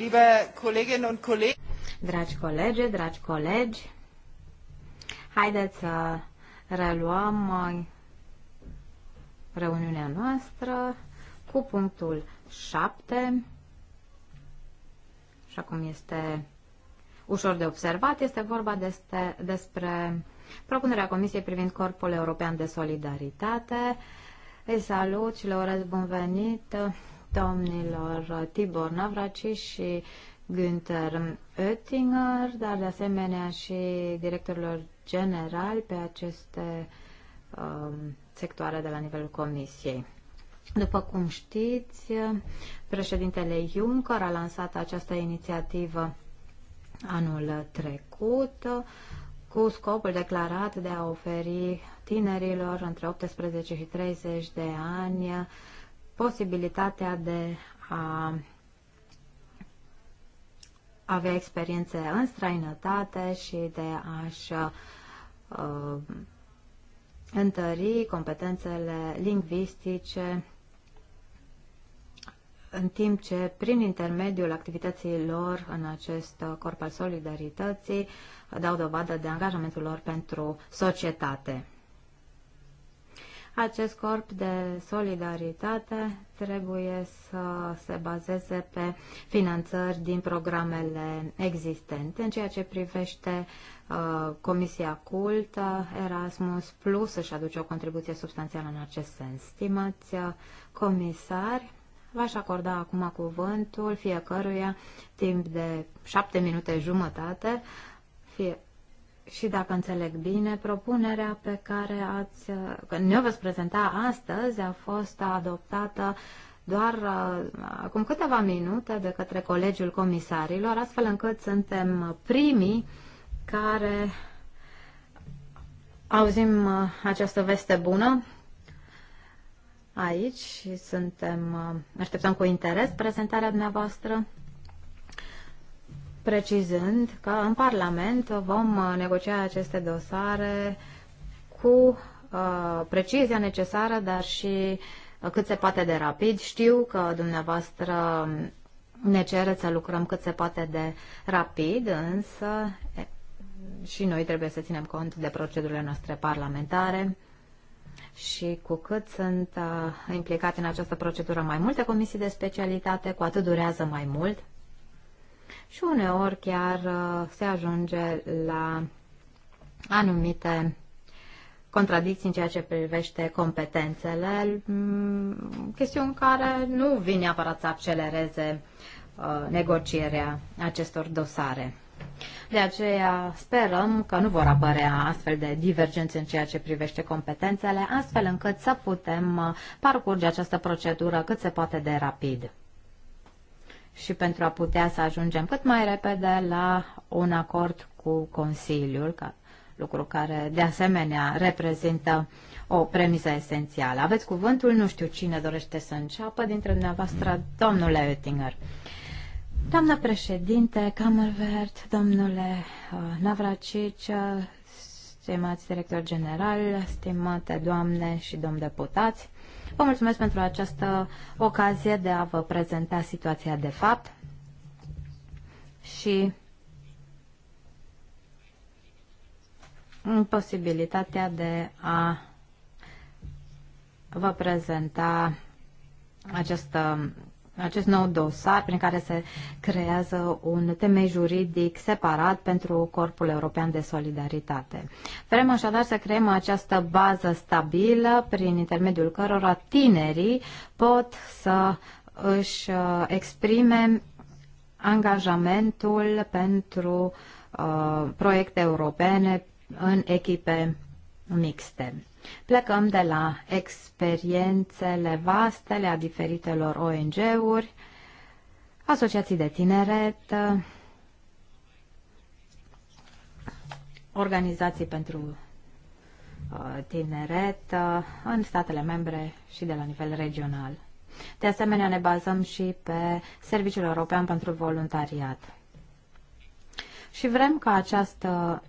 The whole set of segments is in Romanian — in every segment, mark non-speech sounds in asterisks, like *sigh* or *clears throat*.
Liebe Kolleginnen und Kollegen. Dragi colegi, dragi colegi, haideți să reluăm uh, reuniunea noastră cu punctul 7. Și acum este ușor de observat, este vorba despre, despre propunerea Comisiei privind Corpul European de Solidaritate. Îi salut și le urez bun venit domnilor Tibor Navraci și Günther Oettinger, dar de asemenea și directorilor generali pe aceste um, sectoare de la nivelul Comisiei. După cum știți, președintele Juncker a lansat această inițiativă anul trecut cu scopul declarat de a oferi tinerilor între 18 și 30 de ani posibilitatea de a avea experiențe în străinătate și de a-și uh, întări competențele lingvistice în timp ce, prin intermediul activității lor în acest corp al solidarității, dau dovadă de angajamentul lor pentru societate. Acest corp de solidaritate trebuie să se bazeze pe finanțări din programele existente. În ceea ce privește uh, Comisia Cult, Erasmus Plus își aduce o contribuție substanțială în acest sens. Stimați uh, comisari, v-aș acorda acum cuvântul fiecăruia timp de șapte minute jumătate, fie și dacă înțeleg bine, propunerea pe care ați, ne-o veți prezenta astăzi a fost adoptată doar uh, acum câteva minute de către Colegiul Comisarilor, astfel încât suntem primii care auzim uh, această veste bună aici și suntem, uh, așteptăm cu interes prezentarea dumneavoastră precizând că în Parlament vom uh, negocia aceste dosare cu uh, precizia necesară, dar și uh, cât se poate de rapid. Știu că dumneavoastră um, ne cereți să lucrăm cât se poate de rapid, însă și noi trebuie să ținem cont de procedurile noastre parlamentare și cu cât sunt uh, implicate în această procedură mai multe comisii de specialitate, cu atât durează mai mult și uneori chiar uh, se ajunge la anumite contradicții în ceea ce privește competențele, mm, chestiuni care nu vin neapărat să accelereze uh, negocierea acestor dosare. De aceea sperăm că nu vor apărea astfel de divergențe în ceea ce privește competențele, astfel încât să putem uh, parcurge această procedură cât se poate de rapid și pentru a putea să ajungem cât mai repede la un acord cu Consiliul, ca lucru care de asemenea reprezintă o premisă esențială. Aveți cuvântul, nu știu cine dorește să înceapă dintre dumneavoastră, domnule Oettinger. Doamna președinte, Camervert, domnule uh, Navracici, uh, stimați director general, stimate doamne și domn deputați, Vă mulțumesc pentru această ocazie de a vă prezenta situația de fapt și posibilitatea de a vă prezenta această acest nou dosar prin care se creează un temei juridic separat pentru Corpul European de Solidaritate. Vrem așadar să creăm această bază stabilă prin intermediul cărora tinerii pot să își uh, exprime angajamentul pentru uh, proiecte europene în echipe mixte. Plecăm de la experiențele vaste ale diferitelor ONG-uri, asociații de tineret, organizații pentru uh, tineret uh, în statele membre și de la nivel regional. De asemenea, ne bazăm și pe Serviciul European pentru Voluntariat. Și vrem ca această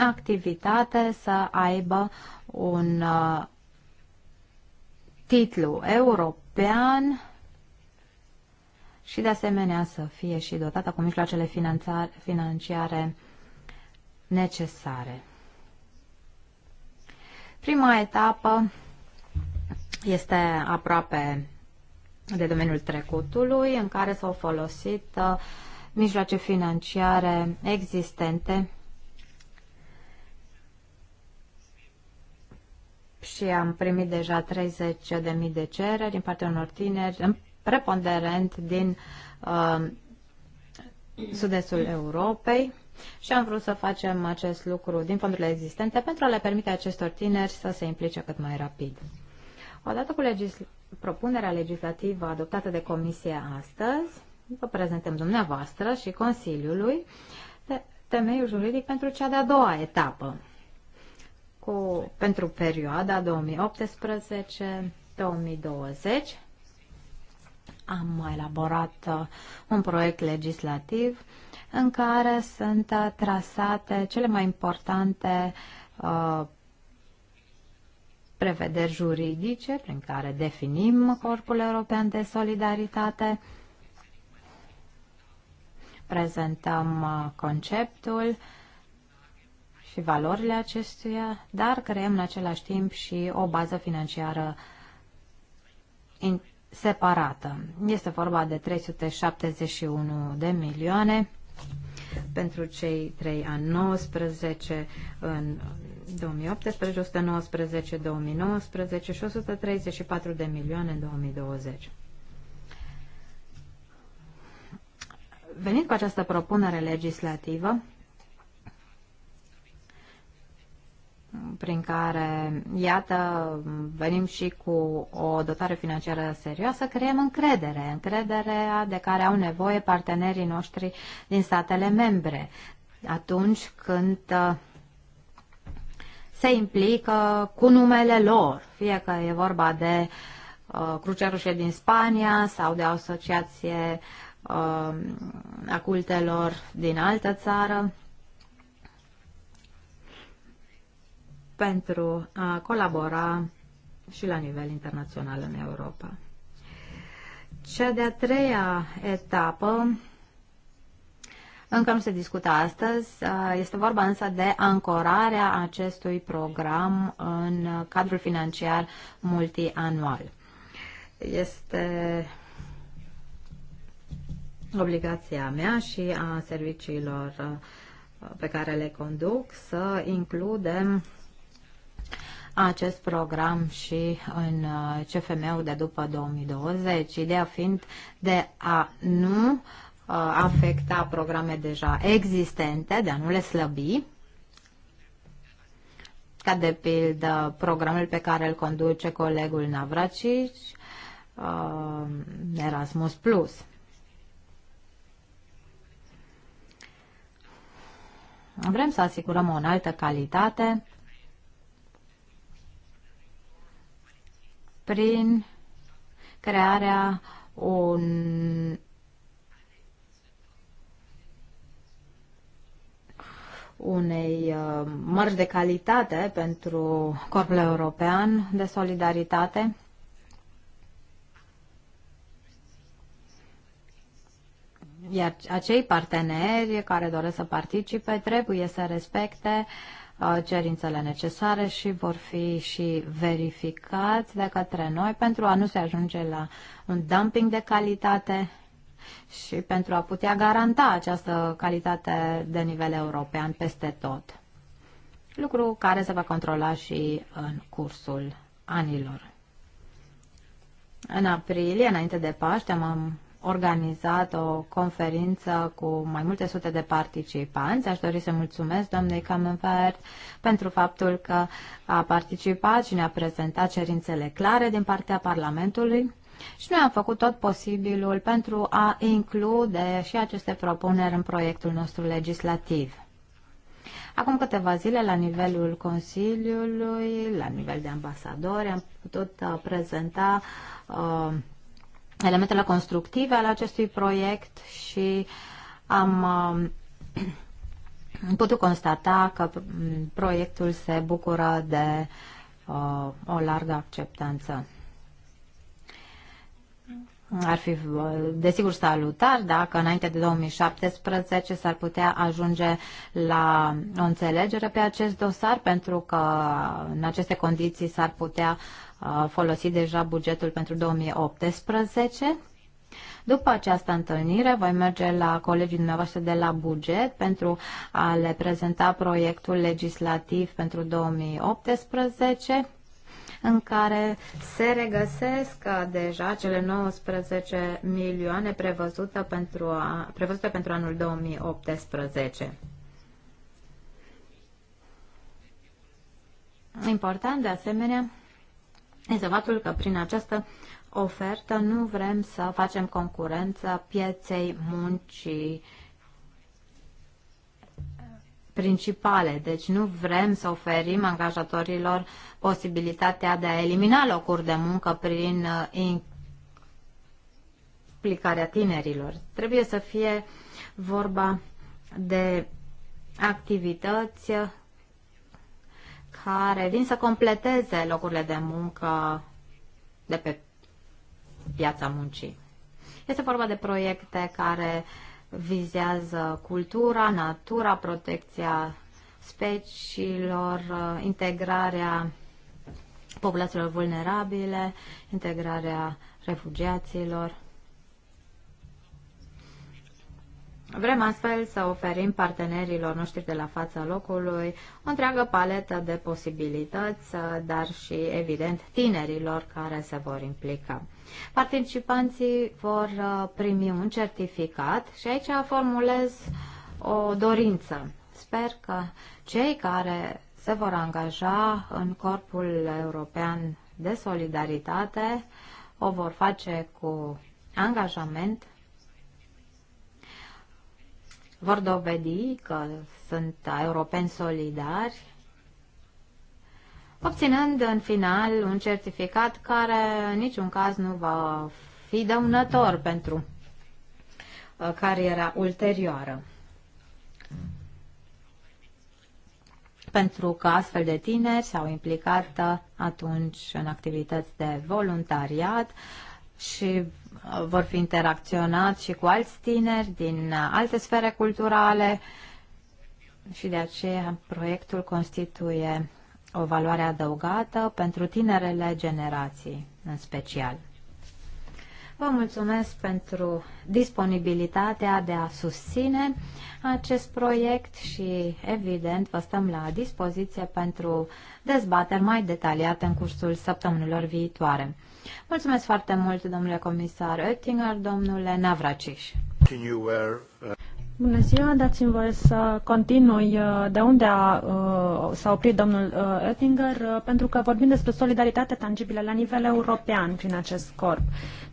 activitate să aibă un uh, titlu european și de asemenea să fie și dotată cu mijloacele financiare necesare. Prima etapă este aproape de domeniul trecutului, în care s-au folosit uh, mijloace financiare existente și am primit deja 30.000 de cereri din partea unor tineri, preponderent din uh, sud-estul Europei și am vrut să facem acest lucru din fondurile existente pentru a le permite acestor tineri să se implice cât mai rapid. Odată cu legisl- propunerea legislativă adoptată de Comisie astăzi, vă prezentăm dumneavoastră și Consiliului temeiul juridic pentru cea de-a doua etapă cu, pentru perioada 2018-2020 am elaborat uh, un proiect legislativ în care sunt uh, trasate cele mai importante uh, prevederi juridice prin care definim Corpul European de Solidaritate, prezentăm conceptul și valorile acestuia, dar creăm în același timp și o bază financiară separată. Este vorba de 371 de milioane pentru cei 3 ani 19 în 2018, 119 2019 și 134 de milioane în 2020. Venit cu această propunere legislativă, prin care, iată, venim și cu o dotare financiară serioasă, creăm încredere, încrederea de care au nevoie partenerii noștri din statele membre atunci când uh, se implică cu numele lor, fie că e vorba de uh, Crucea Rușie din Spania sau de asociație uh, a cultelor din altă țară. pentru a colabora și la nivel internațional în Europa. Cea de-a treia etapă încă nu se discută astăzi, este vorba însă de ancorarea acestui program în cadrul financiar multianual. Este obligația mea și a serviciilor pe care le conduc să includem acest program și în uh, CFM-ul de după 2020, ideea fiind de a nu uh, afecta programe deja existente, de a nu le slăbi, ca de pildă programul pe care îl conduce colegul Navracici, uh, Erasmus+. Plus. Vrem să asigurăm o înaltă calitate prin crearea un unei uh, mărci de calitate pentru Corpul European de Solidaritate. Iar acei parteneri care doresc să participe trebuie să respecte uh, Uh, cerințele necesare și vor fi și verificați de către noi pentru a nu se ajunge la un dumping de calitate și pentru a putea garanta această calitate de nivel european peste tot. Lucru care se va controla și în cursul anilor. În aprilie, înainte de Paște, am organizat o conferință cu mai multe sute de participanți. Aș dori să mulțumesc doamnei Camenvert pentru faptul că a participat și ne-a prezentat cerințele clare din partea Parlamentului. Și noi am făcut tot posibilul pentru a include și aceste propuneri în proiectul nostru legislativ. Acum câteva zile, la nivelul Consiliului, la nivel de ambasadori, am putut uh, prezenta uh, elementele constructive ale acestui proiect și am um, *clears throat* putut constata că mm, proiectul se bucură de uh, o largă acceptanță. Ar fi, uh, desigur, salutar dacă înainte de 2017 s-ar putea ajunge la o înțelegere pe acest dosar, pentru că în aceste condiții s-ar putea uh, folosit deja bugetul pentru 2018. După această întâlnire voi merge la colegii dumneavoastră de la buget pentru a le prezenta proiectul legislativ pentru 2018 în care se regăsesc deja cele 19 milioane prevăzute pentru, a, prevăzute pentru anul 2018. Important de asemenea este faptul că prin această ofertă nu vrem să facem concurență pieței muncii principale. Deci nu vrem să oferim angajatorilor posibilitatea de a elimina locuri de muncă prin uh, implicarea tinerilor. Trebuie să fie vorba de activități care vin să completeze locurile de muncă de pe piața muncii. Este vorba de proiecte care vizează cultura, natura, protecția speciilor, integrarea populațiilor vulnerabile, integrarea refugiaților. Vrem astfel să oferim partenerilor noștri de la fața locului o întreagă paletă de posibilități, dar și, evident, tinerilor care se vor implica. Participanții vor uh, primi un certificat și aici formulez o dorință. Sper că cei care se vor angaja în Corpul European de Solidaritate o vor face cu angajament vor dovedi că sunt europeni solidari, obținând în final un certificat care în niciun caz nu va fi dăunător pentru uh, cariera ulterioară. Pentru că astfel de tineri s-au implicat uh, atunci în activități de voluntariat și vor fi interacționați și cu alți tineri din alte sfere culturale și de aceea proiectul constituie o valoare adăugată pentru tinerele generații în special. Vă mulțumesc pentru disponibilitatea de a susține acest proiect și, evident, vă stăm la dispoziție pentru dezbateri mai detaliate în cursul săptămânilor viitoare. Mulțumesc foarte mult, domnule comisar Oettinger, domnule Navraciș. Uh, Bună ziua, dați-mi voie să continui uh, de unde a, uh, s-a oprit domnul Oettinger, pentru că vorbim despre solidaritate tangibilă la nivel european prin acest corp.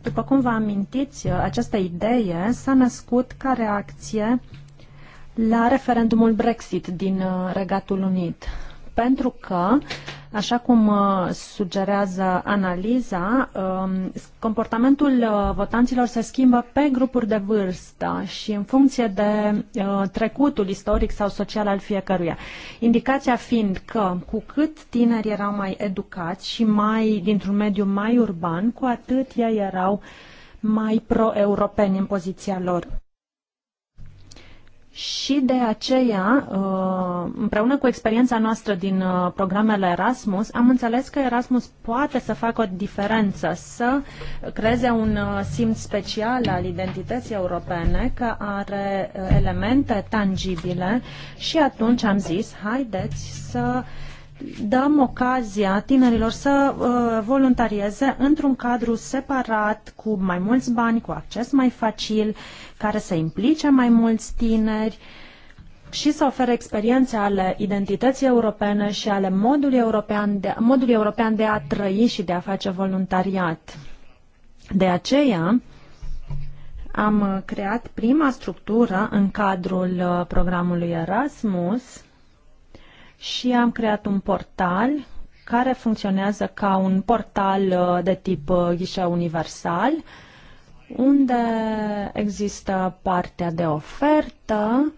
După cum vă amintiți, această idee s-a născut ca reacție la referendumul Brexit din Regatul Unit, pentru că uh, Așa cum uh, sugerează analiza, um, comportamentul uh, votanților se schimbă pe grupuri de vârstă și în funcție de uh, trecutul istoric sau social al fiecăruia. Indicația fiind că cu cât tinerii erau mai educați și mai dintr-un mediu mai urban, cu atât ei erau mai pro-europeni în poziția lor și de aceea, uh, împreună cu experiența noastră din uh, programele Erasmus, am înțeles că Erasmus poate să facă o diferență, să creeze un uh, simț special al identității europene, că are elemente tangibile și atunci am zis, haideți să dăm ocazia tinerilor să uh, voluntarieze într-un cadru separat, cu mai mulți bani, cu acces mai facil, care să implice mai mulți tineri și să ofere experiențe ale identității europene și ale modului european de, modului european de a trăi și de a face voluntariat. De aceea, am creat prima structură în cadrul uh, programului Erasmus, și am creat un portal care funcționează ca un portal uh, de tip uh, ghișe universal, unde există partea de ofertă,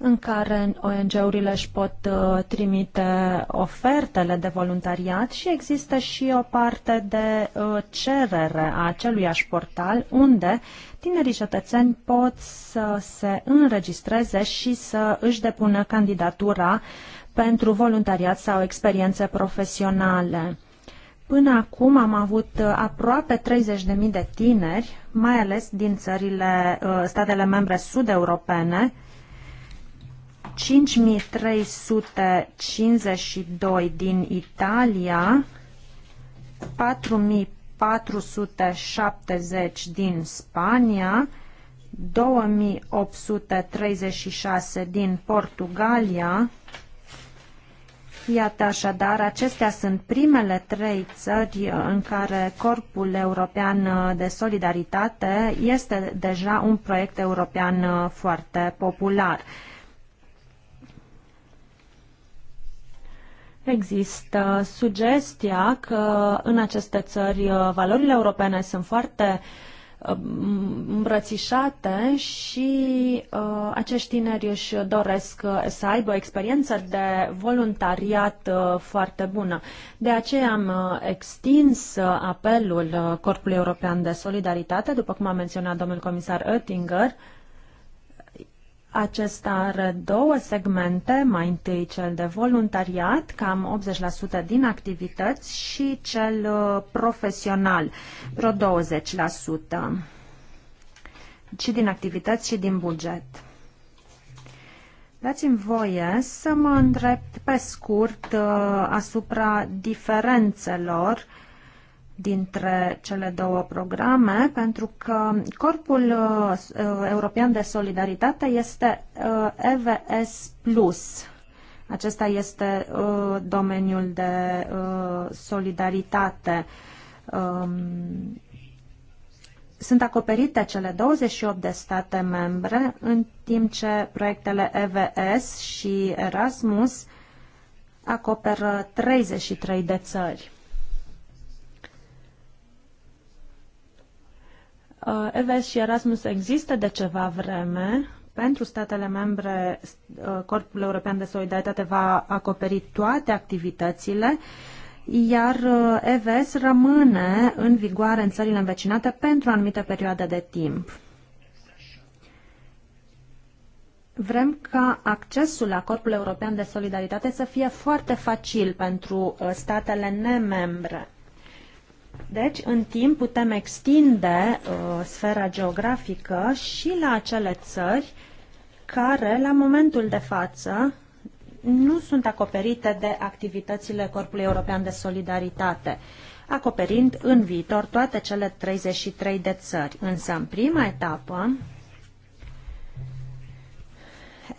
în care ONG-urile își pot uh, trimite ofertele de voluntariat și există și o parte de cerere a aceluiași portal unde tinerii cetățeni pot să se înregistreze și să își depună candidatura uh, pentru voluntariat sau experiențe profesionale. Până acum am avut uh, aproape 30.000 de tineri, mai ales din țările, uh, statele membre sud-europene, 5352 din Italia, 4470 din Spania, 2836 din Portugalia, Iată așadar, acestea sunt primele trei țări uh, în care Corpul European uh, de Solidaritate este deja un proiect european uh, foarte popular. Există sugestia că în aceste țări valorile europene sunt foarte uh, Uh, îmbrățișate și uh, acești tineri își doresc uh, să aibă o experiență de voluntariat uh, foarte bună. De aceea am uh, extins apelul Corpului European de Solidaritate, după cum a menționat domnul comisar Oettinger, uh, acesta are două segmente, mai întâi cel de voluntariat, cam 80% din activități, și cel uh, profesional, vreo 20%, și din activități și din buget. Dați-mi voie să mă îndrept pe scurt uh, asupra diferențelor dintre cele două programe, pentru că Corpul uh, European de Solidaritate este uh, EVS+. Acesta este uh, domeniul de solidaritate um, sunt acoperite cele 28 de state membre, în timp ce proiectele EVS și Erasmus acoperă 33 de țări. Uh, EVS și Erasmus există de ceva vreme. Pentru statele membre, uh, Corpul European de Solidaritate va acoperi toate activitățile, iar uh, EVS rămâne în vigoare în țările învecinate pentru anumite perioade de timp. Vrem ca accesul la Corpul European de Solidaritate să fie foarte facil pentru statele nemembre. Deci, în timp, putem extinde uh, sfera geografică și la acele țări care, la momentul de față, nu sunt acoperite de activitățile Corpului European de Solidaritate, acoperind în viitor toate cele 33 de țări. Însă, în prima etapă,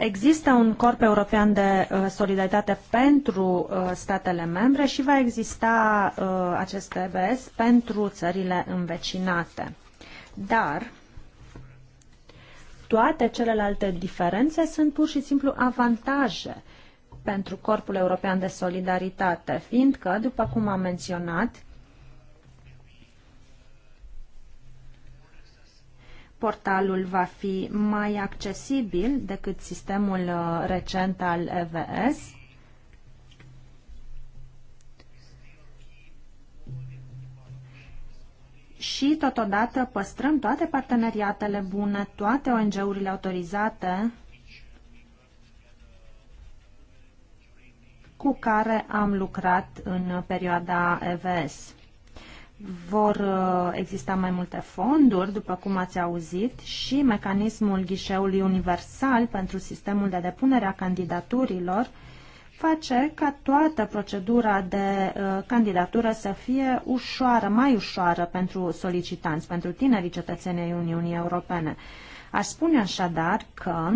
Există un corp european de uh, solidaritate pentru uh, statele membre și va exista uh, acest EBS pentru țările învecinate. Dar toate celelalte diferențe sunt pur și simplu avantaje pentru Corpul European de Solidaritate, fiindcă, după cum am menționat, portalul va fi mai accesibil decât sistemul uh, recent al EVS. Și totodată păstrăm toate parteneriatele bune, toate ONG-urile autorizate cu care am lucrat în perioada EVS vor uh, exista mai multe fonduri, după cum ați auzit, și mecanismul ghișeului universal pentru sistemul de depunere a candidaturilor face ca toată procedura de uh, candidatură să fie ușoară, mai ușoară pentru solicitanți, pentru tinerii cetățenii Uniunii Europene. Aș spune așadar că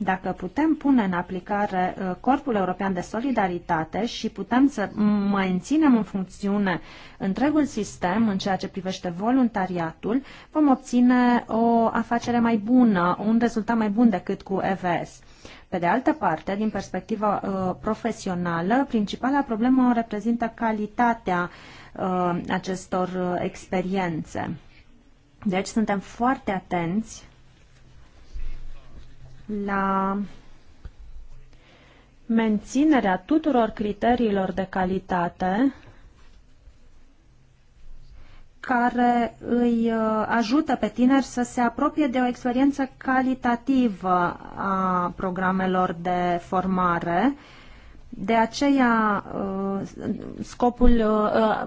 dacă putem pune în aplicare uh, Corpul European de Solidaritate și putem să menținem în funcțiune întregul sistem în ceea ce privește voluntariatul, vom obține o afacere mai bună, un rezultat mai bun decât cu EVS. Pe de altă parte, din perspectiva uh, profesională, principala problemă o reprezintă calitatea uh, acestor uh, experiențe. Deci suntem foarte atenți la menținerea tuturor criteriilor de calitate care îi uh, ajută pe tineri să se apropie de o experiență calitativă a programelor de formare. De aceea, uh, scopul uh,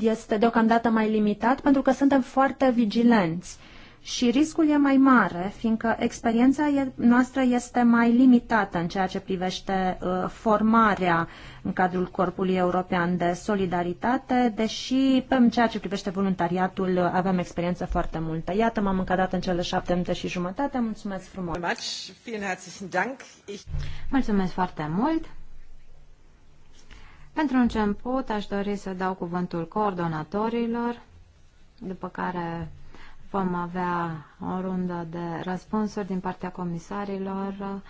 este deocamdată mai limitat pentru că suntem foarte vigilenți și riscul e mai mare, fiindcă experiența noastră este mai limitată în ceea ce privește uh, formarea în cadrul Corpului European de Solidaritate, deși în ceea ce privește voluntariatul avem experiență foarte multă. Iată, m-am încadrat în cele șapte minute și jumătate. Mulțumesc frumos! Mulțumesc foarte mult! Pentru început, aș dori să dau cuvântul coordonatorilor, după care Vom avea o rundă de răspunsuri din partea comisarilor,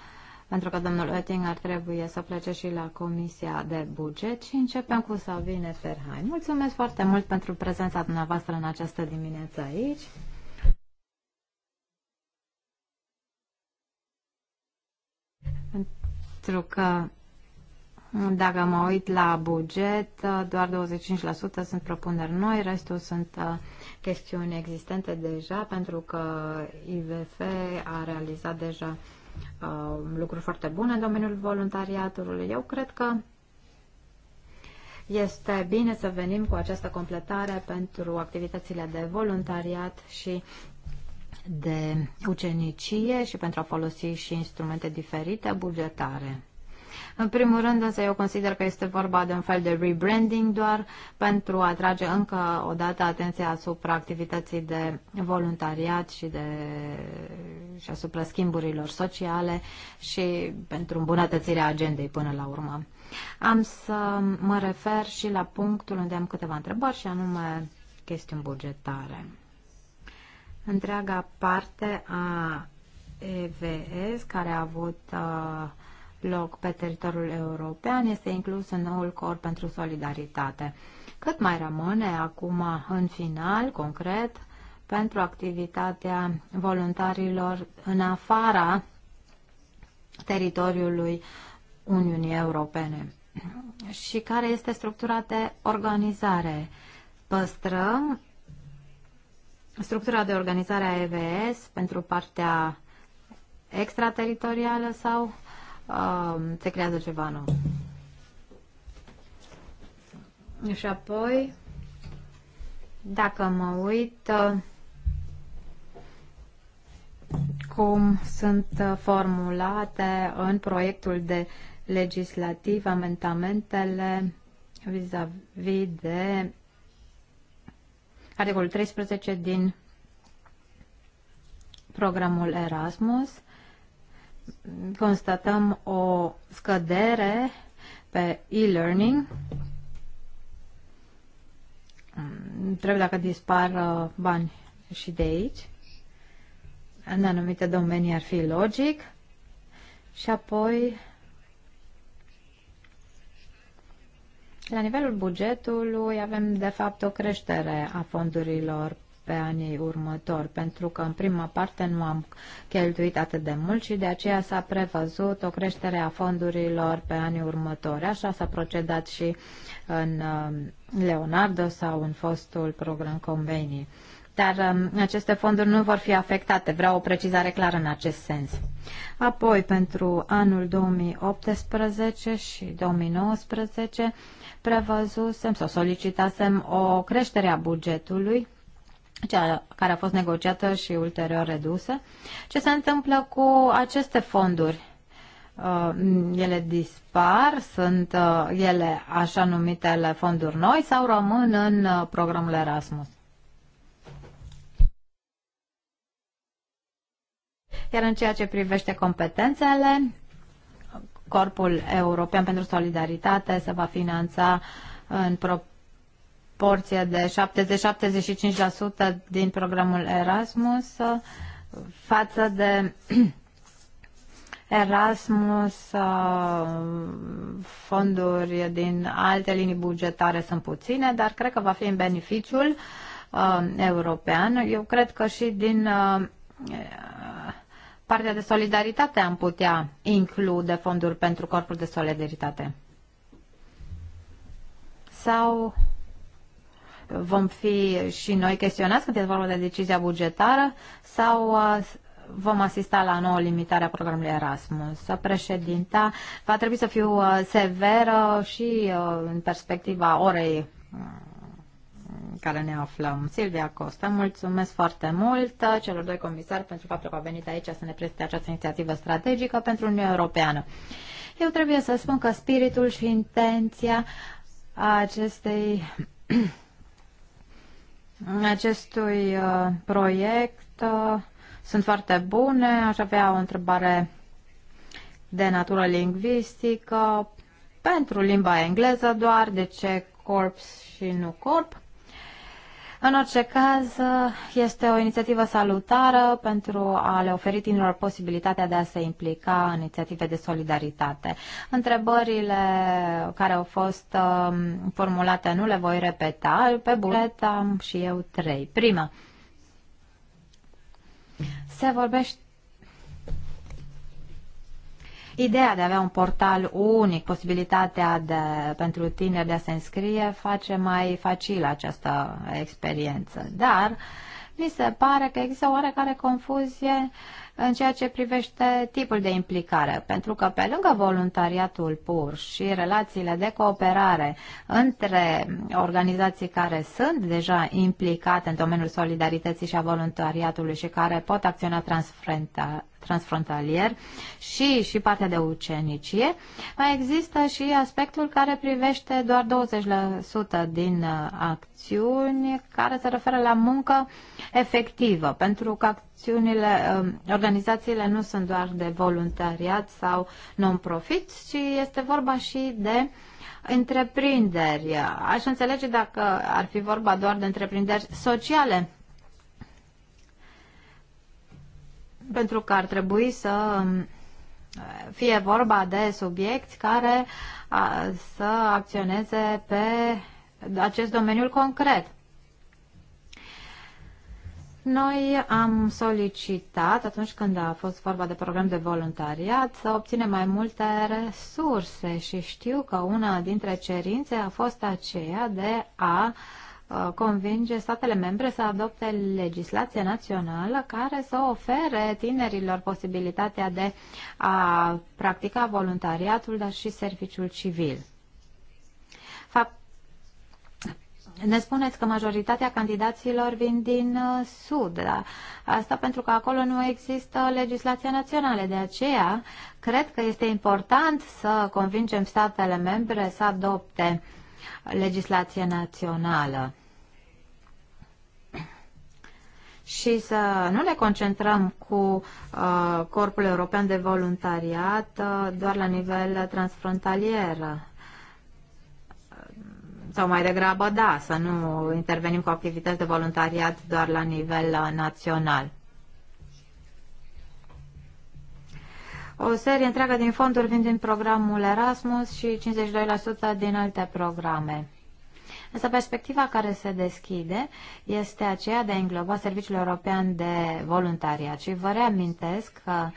pentru că domnul Oettinger trebuie să plece și la Comisia de Buget și începem cu Savine Ferhain. Mulțumesc foarte mult pentru prezența dumneavoastră în această dimineață aici. Pentru că dacă mă uit la buget, doar 25% sunt propuneri noi, restul sunt uh, chestiuni existente deja, pentru că IVF a realizat deja uh, lucruri foarte bune în domeniul voluntariatului. Eu cred că este bine să venim cu această completare pentru activitățile de voluntariat și de ucenicie și pentru a folosi și instrumente diferite bugetare. În primul rând, însă, eu consider că este vorba de un fel de rebranding doar pentru a atrage încă o dată atenția asupra activității de voluntariat și, de, și asupra schimburilor sociale și pentru îmbunătățirea agendei până la urmă. Am să mă refer și la punctul unde am câteva întrebări și anume chestiuni bugetare. Întreaga parte a EVS care a avut uh, loc pe teritoriul european este inclus în noul cor pentru solidaritate. Cât mai rămâne acum, în final, concret, pentru activitatea voluntarilor în afara teritoriului Uniunii Europene și care este structura de organizare. Păstrăm structura de organizare a EVS pentru partea extrateritorială sau um, se creează ceva nou. Și apoi, dacă mă uit uh, cum sunt uh, formulate în proiectul de legislativ amendamentele vis-a-vis -vis de articolul 13 din programul Erasmus, constatăm o scădere pe e-learning. Mm, trebuie dacă dispar uh, bani și de aici. În anumite domenii ar fi logic. Și apoi, la nivelul bugetului, avem de fapt o creștere a fondurilor pe anii următori, pentru că în prima parte nu am cheltuit atât de mult și de aceea s-a prevăzut o creștere a fondurilor pe anii următori. Așa s-a procedat și în um, Leonardo sau în fostul program Convenii. Dar um, aceste fonduri nu vor fi afectate. Vreau o precizare clară în acest sens. Apoi, pentru anul 2018 și 2019, prevăzusem sau solicitasem o creștere a bugetului cea care a fost negociată și ulterior redusă. Ce se întâmplă cu aceste fonduri? Uh, ele dispar, sunt uh, ele așa numitele fonduri noi sau rămân în uh, programul Erasmus? Iar în ceea ce privește competențele, Corpul European pentru Solidaritate se va finanța în proporție porție de 70-75% din programul Erasmus uh, față de *clears throat* Erasmus, uh, fonduri din alte linii bugetare sunt puține, dar cred că va fi în beneficiul uh, european. Eu cred că și din partea de solidaritate am putea include fonduri pentru corpul de solidaritate. Sau vom fi și noi chestionați când e vorba de decizia bugetară sau uh, vom asista la nouă limitare a programului Erasmus. Președinta va trebui să fiu uh, severă și uh, în perspectiva orei care ne aflăm. Silvia Costa, mulțumesc foarte mult celor doi comisari pentru faptul că au venit aici să ne prezinte această inițiativă strategică pentru Uniunea Europeană. Eu trebuie să spun că spiritul și intenția acestei acestui uh, proiect uh, sunt foarte bune. Aș avea o întrebare de natură lingvistică pentru limba engleză doar, de ce corps și nu corp. În orice caz, este o inițiativă salutară pentru a le oferi tinerilor posibilitatea de a se implica în inițiative de solidaritate. Întrebările care au fost um, formulate nu le voi repeta. Pe bulet am și eu trei. Prima. Se vorbește Ideea de a avea un portal unic, posibilitatea de, pentru tineri de a se înscrie, face mai facil această experiență. Dar mi se pare că există oarecare confuzie uh, în ceea ce privește tipul de implicare, pentru că pe lângă voluntariatul pur și relațiile de cooperare între organizații care sunt deja implicate în domeniul solidarității și a voluntariatului și care pot acționa transfrontalier și, și partea de ucenicie, mai există și aspectul care privește doar 20% din uh, acțiuni care se referă la muncă efectivă, pentru că acțiunile, um, organizațiile nu sunt doar de voluntariat sau non-profit, ci este vorba și de întreprinderi. Aș înțelege dacă ar fi vorba doar de întreprinderi sociale, pentru că ar trebui să um, fie vorba de subiecti care să acționeze pe acest domeniul concret. Noi am solicitat, atunci când a fost vorba de program de voluntariat, să obținem mai multe resurse și știu că una dintre cerințe a fost aceea de a uh, convinge statele membre să adopte legislație națională care să ofere tinerilor posibilitatea de a practica voluntariatul, dar și serviciul civil. Fapt ne spuneți că majoritatea candidaților vin din uh, Sud, dar asta pentru că acolo nu există legislația națională. De aceea, cred că este important să convingem statele membre să adopte legislație națională și să nu ne concentrăm cu uh, Corpul European de Voluntariat uh, doar la nivel transfrontalier sau mai degrabă da, să nu intervenim cu activități de voluntariat doar la nivel uh, național. O serie întreagă din fonduri vin din programul Erasmus și 52% din alte programe. Însă perspectiva care se deschide este aceea de a îngloba Serviciul European de Voluntariat. Și vă reamintesc că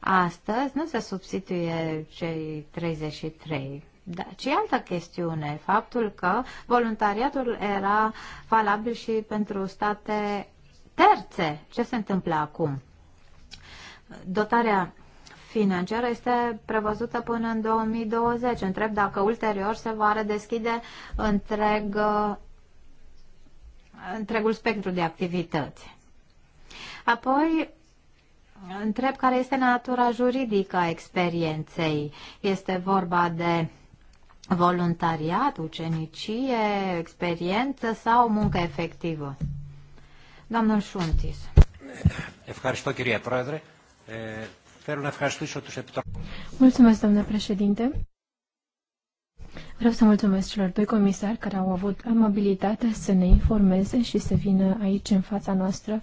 astăzi nu se substituie cei 33 da, și altă chestiune, faptul că voluntariatul era valabil și pentru state terțe. Ce se întâmplă acum? Dotarea financiară este prevăzută până în 2020. Întreb dacă ulterior se va redeschide întreg, întregul spectru de activități. Apoi, întreb care este natura juridică a experienței. Este vorba de voluntariat, ucenicie, experiență sau muncă efectivă? Domnul Șuntis. Mulțumesc, domnule președinte. Vreau să mulțumesc celor doi comisari care au avut amabilitatea să ne informeze și să vină aici în fața noastră.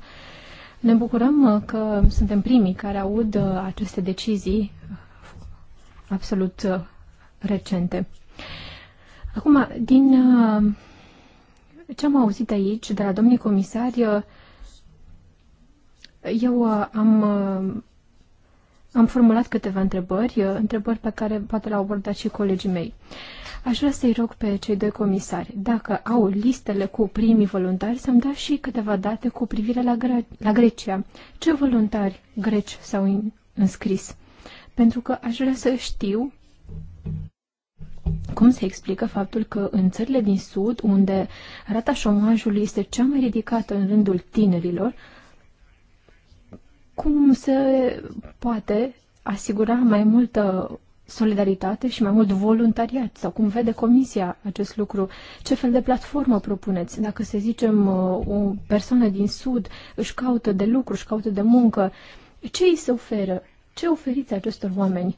Ne bucurăm uh, că suntem primii care aud uh, aceste decizii uh, absolut recente. Acum, din uh, ce am auzit aici de la domnii comisari, uh, eu uh, am, am formulat câteva întrebări, întrebări pe care poate le-au abordat și colegii mei. Aș vrea să-i rog pe cei doi comisari, dacă au listele cu primii voluntari, să-mi dea și câteva date cu privire la, Gre- la Grecia. Ce voluntari greci s-au înscris? Pentru că aș vrea să știu cum se explică faptul că în țările din Sud, unde rata șomajului este cea mai ridicată în rândul tinerilor, cum se poate asigura mai multă solidaritate și mai mult voluntariat? Sau cum vede Comisia acest lucru? Ce fel de platformă propuneți? Dacă, să zicem, o persoană din Sud își caută de lucru, își caută de muncă, ce îi se oferă? Ce oferiți acestor oameni?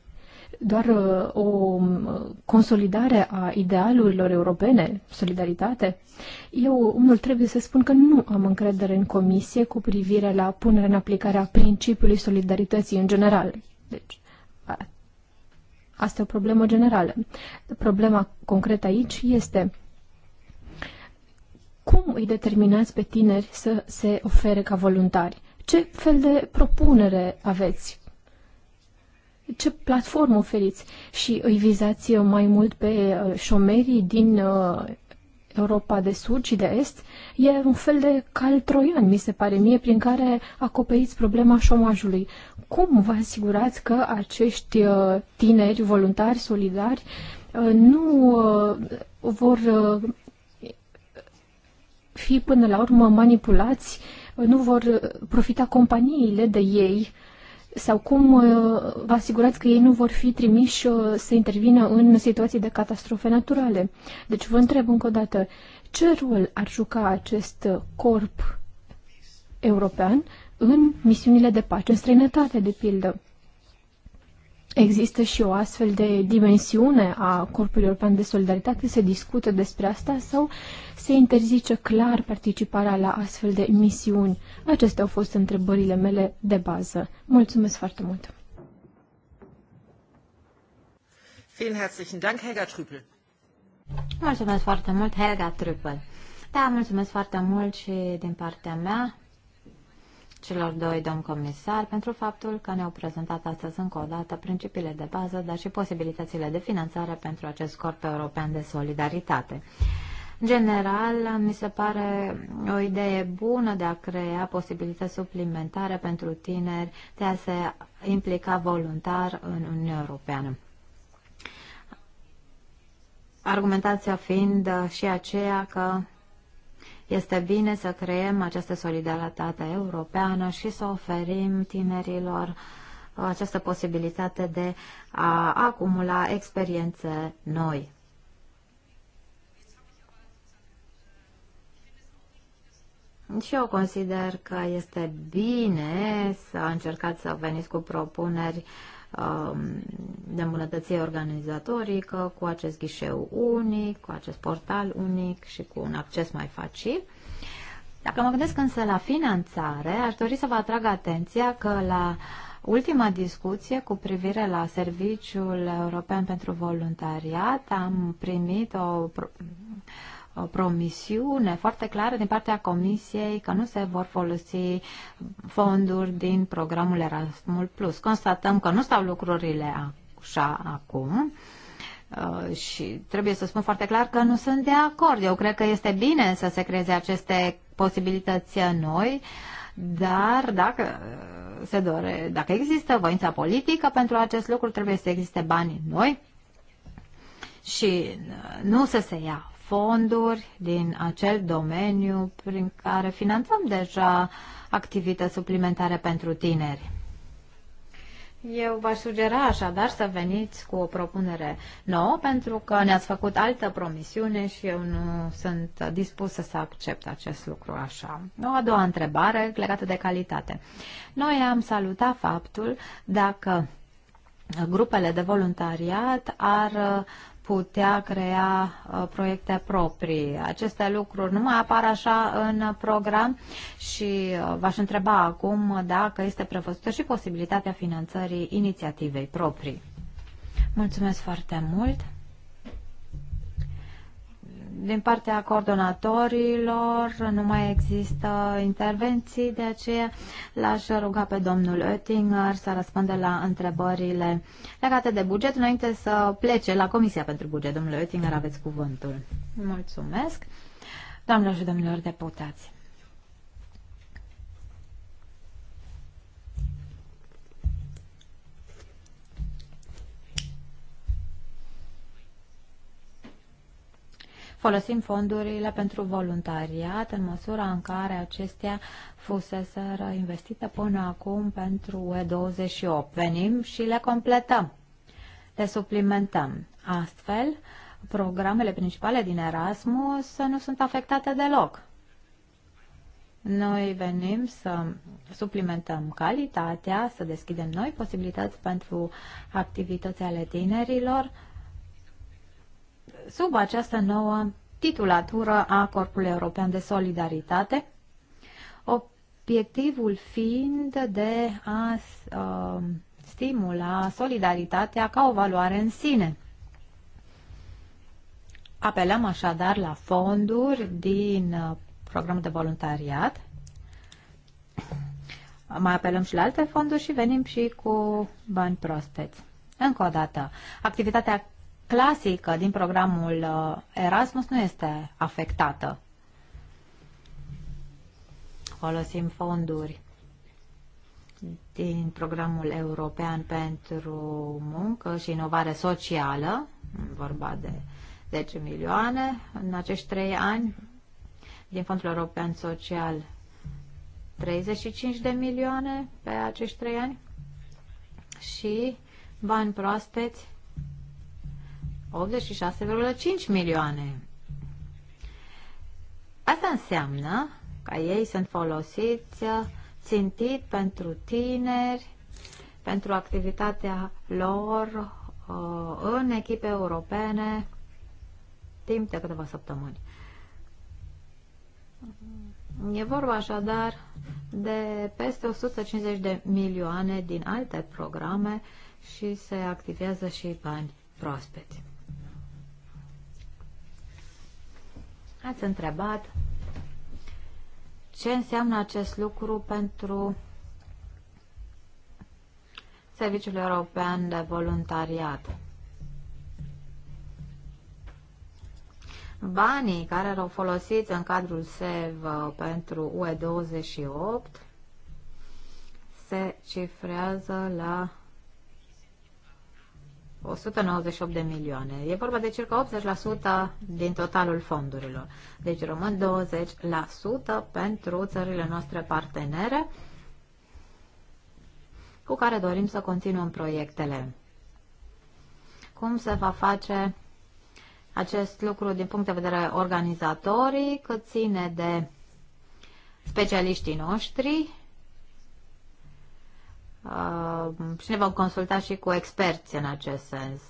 doar uh, o uh, consolidare a idealurilor europene, solidaritate? Eu, unul, trebuie să spun că nu am încredere în comisie cu privire la punerea în aplicare a principiului solidarității în general. Deci, asta e o problemă generală. Problema concretă aici este cum îi determinați pe tineri să se ofere ca voluntari? Ce fel de propunere aveți? ce platformă oferiți și îi vizați uh, mai mult pe uh, șomerii din uh, Europa de Sud și de Est, e un fel de cal troian, mi se pare mie, prin care acoperiți problema șomajului. Cum vă asigurați că acești tineri, voluntari, solidari, nu vor fi până la urmă manipulați, nu vor profita companiile de ei sau cum uh, vă asigurați că ei nu vor fi trimiși uh, să intervină în situații de catastrofe naturale? Deci vă întreb încă o dată, ce rol ar juca acest uh, corp european în misiunile de pace în străinătate, de pildă? Există și o astfel de dimensiune a Corpului European de Solidaritate? Se discută despre asta sau se interzice clar participarea la astfel de misiuni? Acestea au fost întrebările mele de bază. Mulțumesc foarte mult! Vielen herzlichen Dank, Helga Trüppel. Mulțumesc foarte mult, Helga Trüppel. Da, mulțumesc foarte mult și din partea mea celor doi domni comisari pentru faptul că ne-au prezentat astăzi încă o dată principiile de bază, dar și posibilitățile de finanțare pentru acest corp european de solidaritate. În general, mi se pare o idee bună de a crea posibilități suplimentare pentru tineri de a se implica voluntar în Uniunea Europeană. Argumentația fiind și aceea că este bine să creăm această solidaritate europeană și să oferim tinerilor uh, această posibilitate de a acumula experiențe noi. Și eu consider că este bine să încercați să veniți cu propuneri Um, de îmbunătăție organizatorică, cu acest ghișeu unic, cu acest portal unic și cu un acces mai facil. Dacă mă gândesc însă la finanțare, aș dori să vă atrag atenția că la ultima discuție cu privire la Serviciul European pentru Voluntariat am primit o promisiune foarte clară din partea Comisiei că nu se vor folosi fonduri din programul Erasmus+. Plus. Constatăm că nu stau lucrurile așa acum uh, și trebuie să spun foarte clar că nu sunt de acord. Eu cred că este bine să se creeze aceste posibilități noi, dar dacă se dore, dacă există voința politică pentru acest lucru, trebuie să existe bani noi și nu să se ia fonduri din acel domeniu prin care finanțăm deja activități suplimentare pentru tineri. Eu v-aș sugera așadar să veniți cu o propunere nouă, pentru că ne-ați făcut altă promisiune și eu nu sunt dispusă să accept acest lucru așa. O a doua întrebare legată de calitate. Noi am salutat faptul dacă grupele de voluntariat ar putea crea uh, proiecte proprii. Aceste lucruri nu mai apar așa în program și uh, v-aș întreba acum dacă este prevăzută și posibilitatea finanțării inițiativei proprii. Mulțumesc foarte mult! din partea coordonatorilor nu mai există intervenții, de aceea l-aș ruga pe domnul Oettinger să răspundă la întrebările legate de buget înainte să plece la Comisia pentru Buget. Domnule Oettinger, aveți cuvântul. Mulțumesc. Doamnelor și domnilor deputați, folosim fondurile pentru voluntariat în măsura în care acestea fuseseră investite până acum pentru E28. Venim și le completăm, le suplimentăm. Astfel, programele principale din Erasmus nu sunt afectate deloc. Noi venim să suplimentăm calitatea, să deschidem noi posibilități pentru activități ale tinerilor, sub această nouă titulatură a Corpului European de Solidaritate, obiectivul fiind de a uh, stimula solidaritatea ca o valoare în sine. Apelăm așadar la fonduri din uh, programul de voluntariat. Mai apelăm și la alte fonduri și venim și cu bani proaspeți. Încă o dată, activitatea clasică din programul uh, Erasmus nu este afectată. Folosim fonduri din programul european pentru muncă și inovare socială, vorba de 10 milioane în acești 3 ani, din fondul european social 35 de milioane pe acești 3 ani și bani proaspeți 86,5 milioane. Asta înseamnă că ei sunt folosiți țintit pentru tineri, pentru activitatea lor uh, în echipe europene timp de câteva săptămâni. E vorba așadar de peste 150 de milioane din alte programe și se activează și bani proaspeți. Ați întrebat ce înseamnă acest lucru pentru Serviciul European de Voluntariat. Banii care erau folosiți în cadrul SEV pentru UE28 se cifrează la 198 de milioane. E vorba de circa 80% din totalul fondurilor. Deci rămân 20% pentru țările noastre partenere cu care dorim să continuăm proiectele. Cum se va face acest lucru din punct de vedere organizatorii, cât ține de specialiștii noștri, Uh, și ne vom consulta și cu experți în acest sens.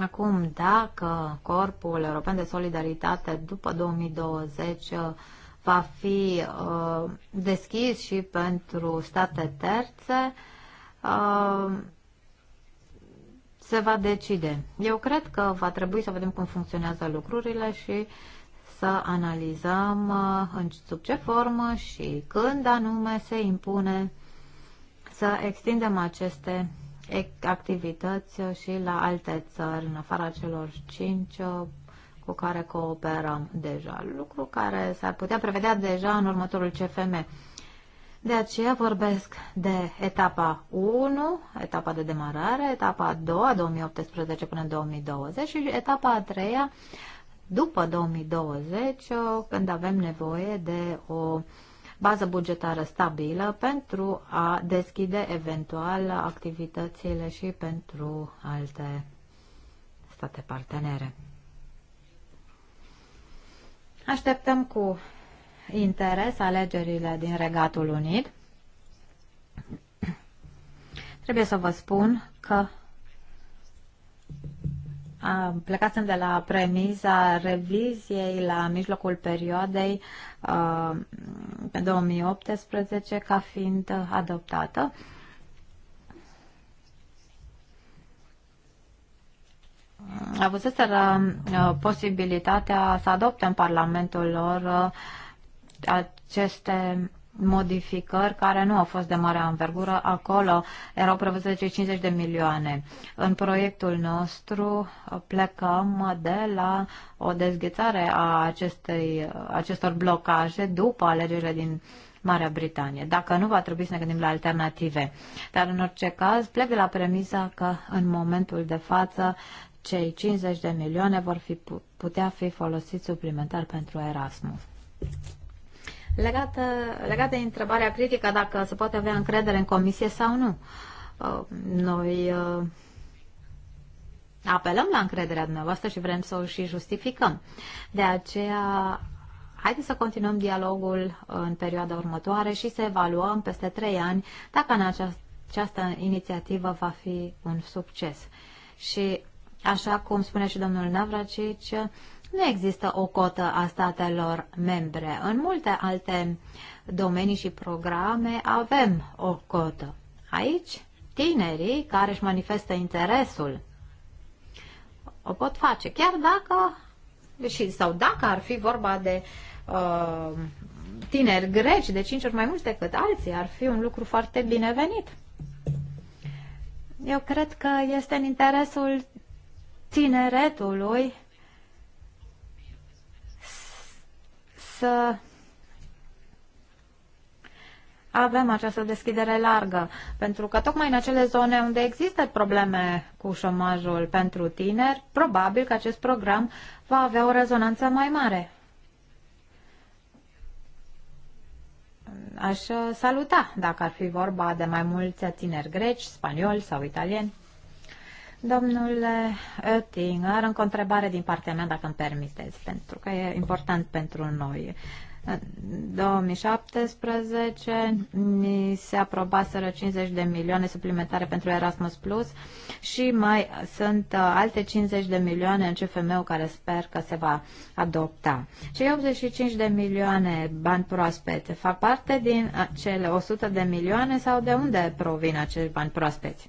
Acum, dacă Corpul European de Solidaritate după 2020 uh, va fi uh, deschis și pentru state terțe, se va decide. Eu cred că va trebui să vedem cum funcționează lucrurile și să analizăm uh, în sub ce formă și când anume se impune să extindem aceste activități și la alte țări, în afara celor cinci uh, cu care cooperăm deja, lucru care s-ar putea prevedea deja în următorul CFM. De aceea vorbesc de etapa 1, etapa de demarare, etapa 2, 2018 până 2020 și etapa a treia, după 2020, uh, când avem nevoie de o bază bugetară stabilă pentru a deschide eventual activitățile și pentru alte state partenere. Așteptăm cu interes alegerile din Regatul Unit. Trebuie să vă spun că plecasem de la premiza reviziei la mijlocul perioadei pe 2018 ca fiind adoptată. A avuseseră posibilitatea să adopte în Parlamentul lor aceste modificări care nu au fost de mare anvergură. Acolo erau prevăzute 50 de milioane. În proiectul nostru plecăm de la o dezghețare a acestei, acestor blocaje după alegerile din Marea Britanie. Dacă nu, va trebui să ne gândim la alternative. Dar, în orice caz, plec de la premisa că, în momentul de față, cei 50 de milioane vor fi putea fi folosiți suplimentar pentru Erasmus. Legată, legată de întrebarea critică dacă se poate avea încredere în comisie sau nu, uh, noi uh, apelăm la încrederea dumneavoastră și vrem să o și justificăm. De aceea, haideți să continuăm dialogul în perioada următoare și să evaluăm peste trei ani dacă în această, această inițiativă va fi un succes. Și, așa cum spune și domnul Navracici, nu există o cotă a statelor membre. În multe alte domenii și programe avem o cotă. Aici, tinerii care își manifestă interesul o pot face, chiar dacă și, sau dacă ar fi vorba de uh, tineri greci de 5 ori mai mulți decât alții, ar fi un lucru foarte binevenit. Eu cred că este în interesul tineretului să avem această deschidere largă, pentru că tocmai în acele zone unde există probleme cu șomajul pentru tineri, probabil că acest program va avea o rezonanță mai mare. Aș saluta dacă ar fi vorba de mai mulți tineri greci, spanioli sau italieni. Domnule Oettinger, încă o întrebare din partea mea, dacă îmi permiteți, pentru că e important pentru noi. În 2017 ni se aprobaseră 50 de milioane suplimentare pentru Erasmus Plus și mai sunt uh, alte 50 de milioane în CFM-ul care sper că se va adopta. Cei 85 de milioane bani proaspeți fac parte din cele 100 de milioane sau de unde provin acești bani proaspeți?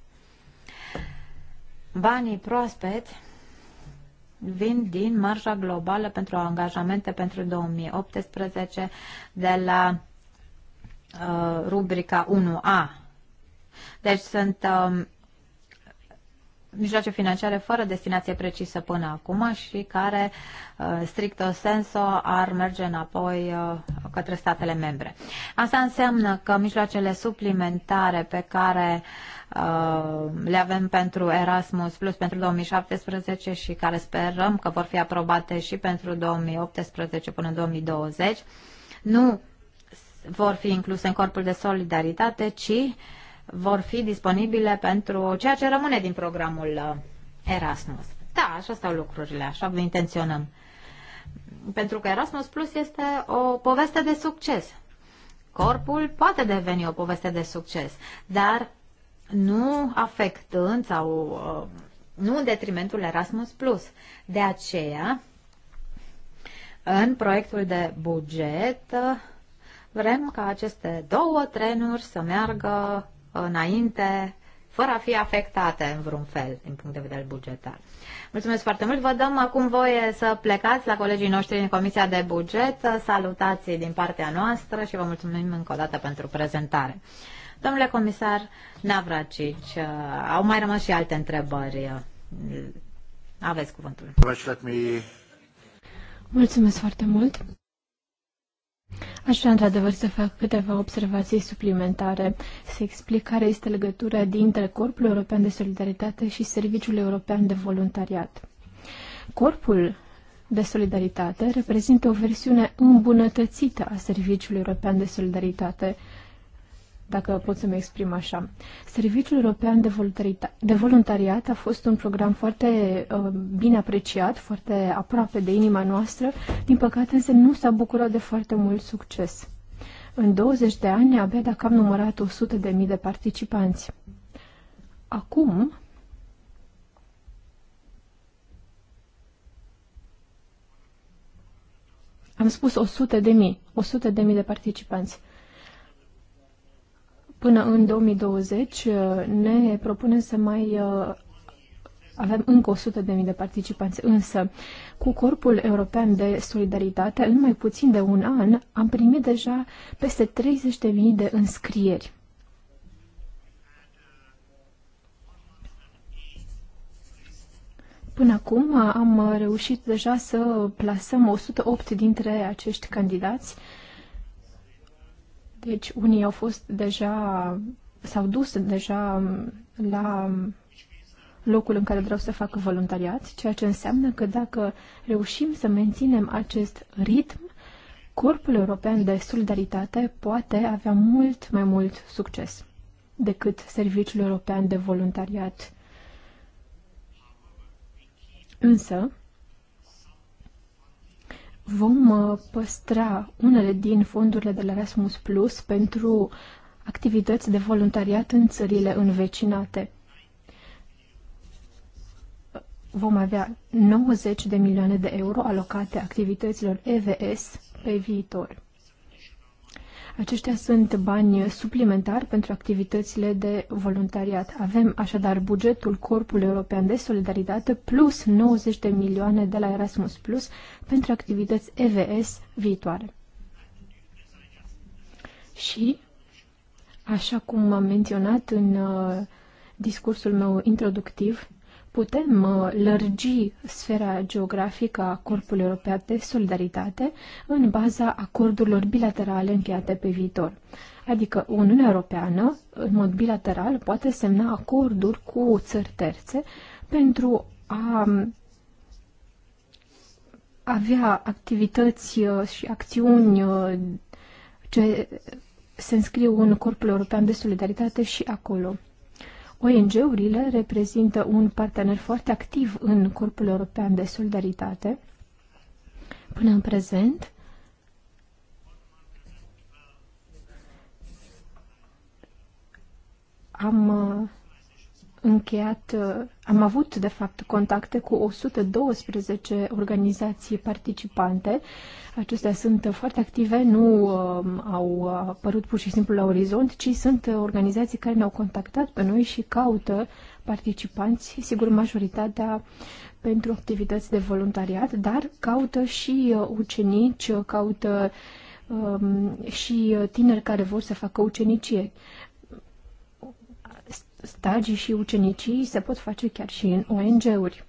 Banii proaspeți vin din marja globală pentru angajamente pentru 2018 de la uh, rubrica 1A. Deci sunt uh, mijloace financiare fără destinație precisă până acum și care, uh, stricto senso, ar merge înapoi uh, către statele membre. Asta înseamnă că mijloacele suplimentare pe care uh, le avem pentru Erasmus Plus pentru 2017 și care sperăm că vor fi aprobate și pentru 2018 până 2020, nu vor fi incluse în corpul de solidaritate, ci uh, vor fi disponibile pentru ceea ce rămâne din programul uh, Erasmus. Da, așa stau lucrurile, așa intenționăm. Pentru că Erasmus Plus este o poveste de succes. Corpul poate deveni o poveste de succes, dar nu afectând sau uh, nu în detrimentul Erasmus Plus. De aceea, în proiectul de buget, uh, vrem ca aceste două trenuri să meargă înainte, fără a fi afectate în vreun fel din punct de vedere bugetar. Mulțumesc foarte mult. Vă dăm acum voie să plecați la colegii noștri din Comisia de Buget. Salutații din partea noastră și vă mulțumim încă o dată pentru prezentare. Domnule comisar Navracici, uh, au mai rămas și alte întrebări. Aveți cuvântul. Mulțumesc foarte mult. Aș vrea într-adevăr să fac câteva observații suplimentare, să explic care este legătura dintre Corpul European de Solidaritate și Serviciul European de Voluntariat. Corpul de solidaritate reprezintă o versiune îmbunătățită a Serviciului European de Solidaritate, dacă pot să-mi exprim așa. Serviciul European de, de Voluntariat a fost un program foarte uh, bine apreciat, foarte aproape de inima noastră, din păcate însă nu s-a bucurat de foarte mult succes. În 20 de ani, abia dacă am numărat 100.000 de, de participanți. Acum, am spus 100 de mii, 100 de mii de participanți. Până în 2020 uh, ne propunem să mai uh, avem încă 100.000 de participanți, însă cu Corpul European de Solidaritate, în mai puțin de un an, am primit deja peste 30.000 de înscrieri. Până acum uh, am reușit deja să plasăm 108 dintre acești candidați deci unii au fost deja, s-au dus deja la locul în care vreau să facă voluntariat, ceea ce înseamnă că dacă reușim să menținem acest ritm, Corpul European de Solidaritate poate avea mult mai mult succes decât Serviciul European de Voluntariat. Însă, Vom uh, păstra unele din fondurile de la Erasmus Plus pentru activități de voluntariat în țările învecinate. Vom avea 90 de milioane de euro alocate activităților EVS pe viitor. Aceștia sunt bani suplimentari pentru activitățile de voluntariat. Avem așadar bugetul Corpului European de Solidaritate plus 90 de milioane de la Erasmus Plus pentru activități EVS viitoare. Și, așa cum am menționat în uh, discursul meu introductiv, putem uh, lărgi sfera geografică a Corpului European de Solidaritate în baza acordurilor bilaterale încheiate pe viitor. Adică Uniunea Europeană, în mod bilateral, poate semna acorduri cu țări terțe pentru a um, avea activități uh, și acțiuni uh, ce se înscriu în Corpul European de Solidaritate și acolo. ONG-urile reprezintă un partener foarte activ în Corpul European de Solidaritate. Până în prezent, am uh, încheiat, uh, am avut de fapt contacte cu 112 organizații participante. Acestea sunt foarte active, nu um, au apărut pur și simplu la orizont, ci sunt organizații care ne-au contactat pe noi și caută participanți, sigur majoritatea pentru activități de voluntariat, dar caută și uh, ucenici, caută um, și tineri care vor să facă ucenicie stagii și ucenicii se pot face chiar și în ONG-uri.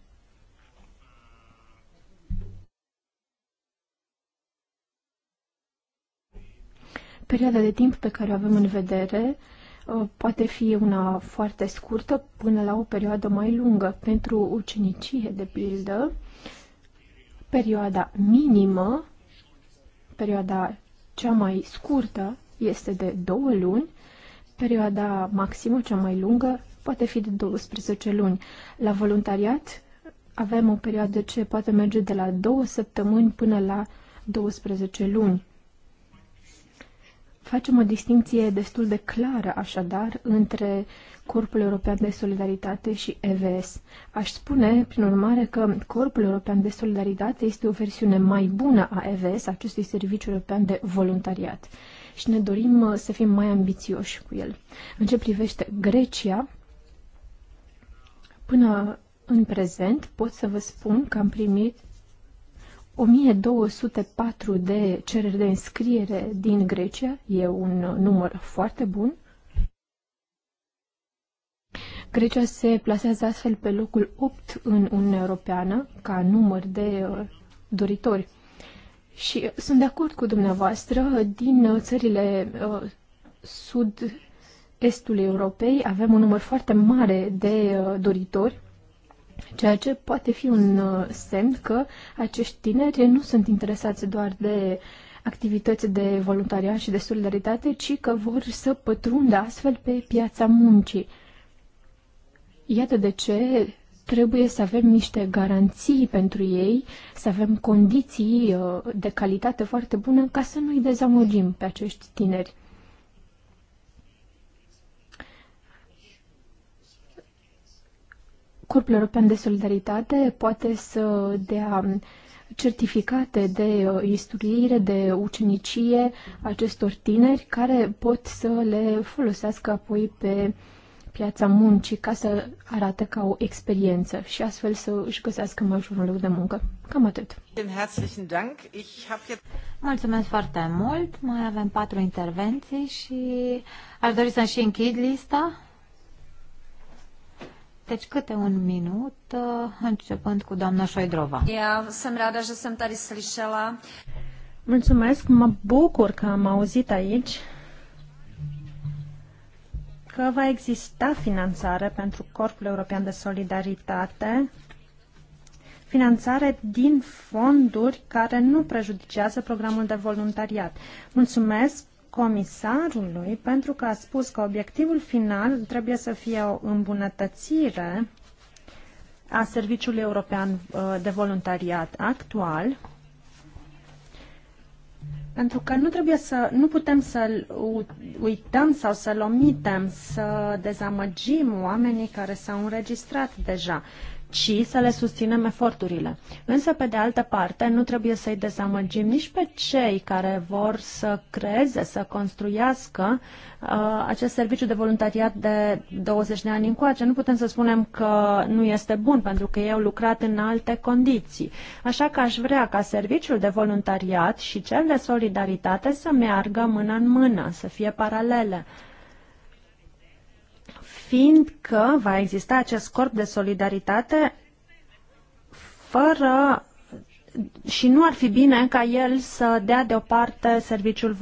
Perioada de timp pe care o avem în vedere uh, poate fi una foarte scurtă până la o perioadă mai lungă. Pentru ucenicie, de pildă, perioada minimă, perioada cea mai scurtă este de două luni, Perioada maximă, cea mai lungă, poate fi de 12 luni. La voluntariat avem o perioadă ce poate merge de la 2 săptămâni până la 12 luni. Facem o distinție destul de clară, așadar, între Corpul European de Solidaritate și EVS. Aș spune, prin urmare, că Corpul European de Solidaritate este o versiune mai bună a EVS, acestui serviciu european de voluntariat și ne dorim uh, să fim mai ambițioși cu el. În ce privește Grecia, până în prezent pot să vă spun că am primit 1204 de cereri de înscriere din Grecia, e un uh, număr foarte bun. Grecia se plasează astfel pe locul 8 în Uniunea Europeană ca număr de uh, doritori. Și sunt de acord cu dumneavoastră, din uh, țările uh, sud-estul Europei avem un număr foarte mare de uh, doritori, ceea ce poate fi un semn că acești tineri nu sunt interesați doar de activități de voluntariat și de solidaritate, ci că vor să pătrundă astfel pe piața muncii. Iată de ce trebuie să avem niște garanții pentru ei, să avem condiții uh, de calitate foarte bună ca să nu-i dezamăgim pe acești tineri. Corpul European de Solidaritate poate să dea certificate de uh, istruire, de ucenicie acestor tineri care pot să le folosească apoi pe uh, piața muncii ca să arate ca o experiență și astfel să își găsească mai ușor un loc de muncă. Cam atât. Mulțumesc foarte mult. Mai avem patru intervenții și aș dori să-mi și închid lista. Deci câte un minut, uh, începând cu doamna Șoidrova. Mulțumesc, mă bucur că am auzit aici că va exista finanțare pentru Corpul European de Solidaritate, finanțare din fonduri care nu prejudicează programul de voluntariat. Mulțumesc comisarului pentru că a spus că obiectivul final trebuie să fie o îmbunătățire a Serviciului European uh, de Voluntariat actual pentru că nu trebuie să, nu putem să uităm sau să-l omitem, să dezamăgim oamenii care s-au înregistrat deja ci să le susținem eforturile. Însă, pe de altă parte, nu trebuie să-i dezamăgim nici pe cei care vor să creeze, să construiască uh, acest serviciu de voluntariat de 20 de ani încoace. Nu putem să spunem că nu este bun, pentru că ei au lucrat în alte condiții. Așa că aș vrea ca serviciul de voluntariat și cel de solidaritate să meargă mână în mână, să fie paralele că va exista acest corp de solidaritate fără și nu ar fi bine ca el să dea deoparte serviciul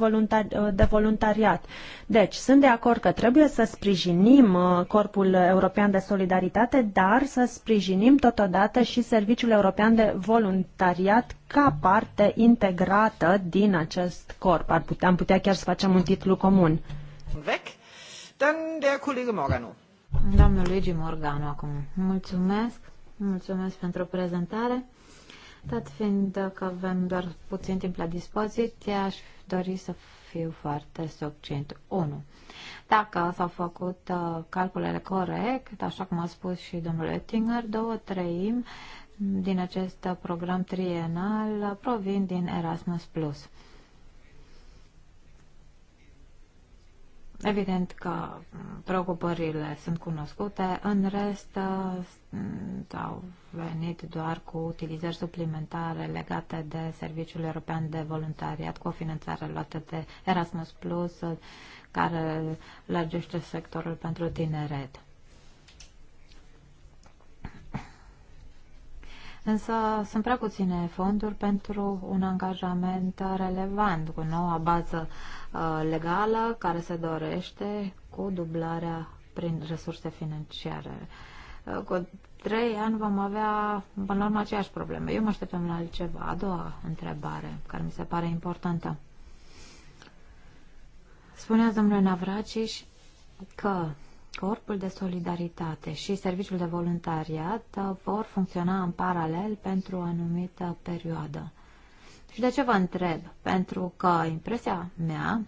de voluntariat. Deci, sunt de acord că trebuie să sprijinim uh, Corpul European de Solidaritate, dar să sprijinim totodată și Serviciul European de Voluntariat ca parte integrată din acest corp. Ar putea, am putea chiar să facem un titlu comun. Vechi? Dann der Kollege Morgano. Doamnul Luigi Morgano acum. Mulțumesc. Mulțumesc pentru prezentare. Dat fiind că avem doar puțin timp la dispoziție, aș dori să fiu foarte succint. 1. Dacă s-au făcut uh, calculele corect, așa cum a spus și domnul Ettinger, două treimi din acest program trienal provin din Erasmus+. Evident că mm, preocupările sunt cunoscute, în rest mm, au venit doar cu utilizări suplimentare legate de Serviciul European de Voluntariat, cu o finanțare luată de Erasmus Plus, care lărgește sectorul pentru tineret. Însă sunt prea puține fonduri pentru un angajament relevant cu noua bază uh, Uh, legală care se dorește cu dublarea prin resurse financiare. Uh, cu trei ani vom avea, până la urmă, aceeași probleme. Eu mă așteptam la altceva. A doua întrebare, care mi se pare importantă. Spunea domnule Navracis că Corpul de Solidaritate și Serviciul de Voluntariat uh, vor funcționa în paralel pentru o anumită perioadă. Și de ce vă întreb? Pentru că impresia mea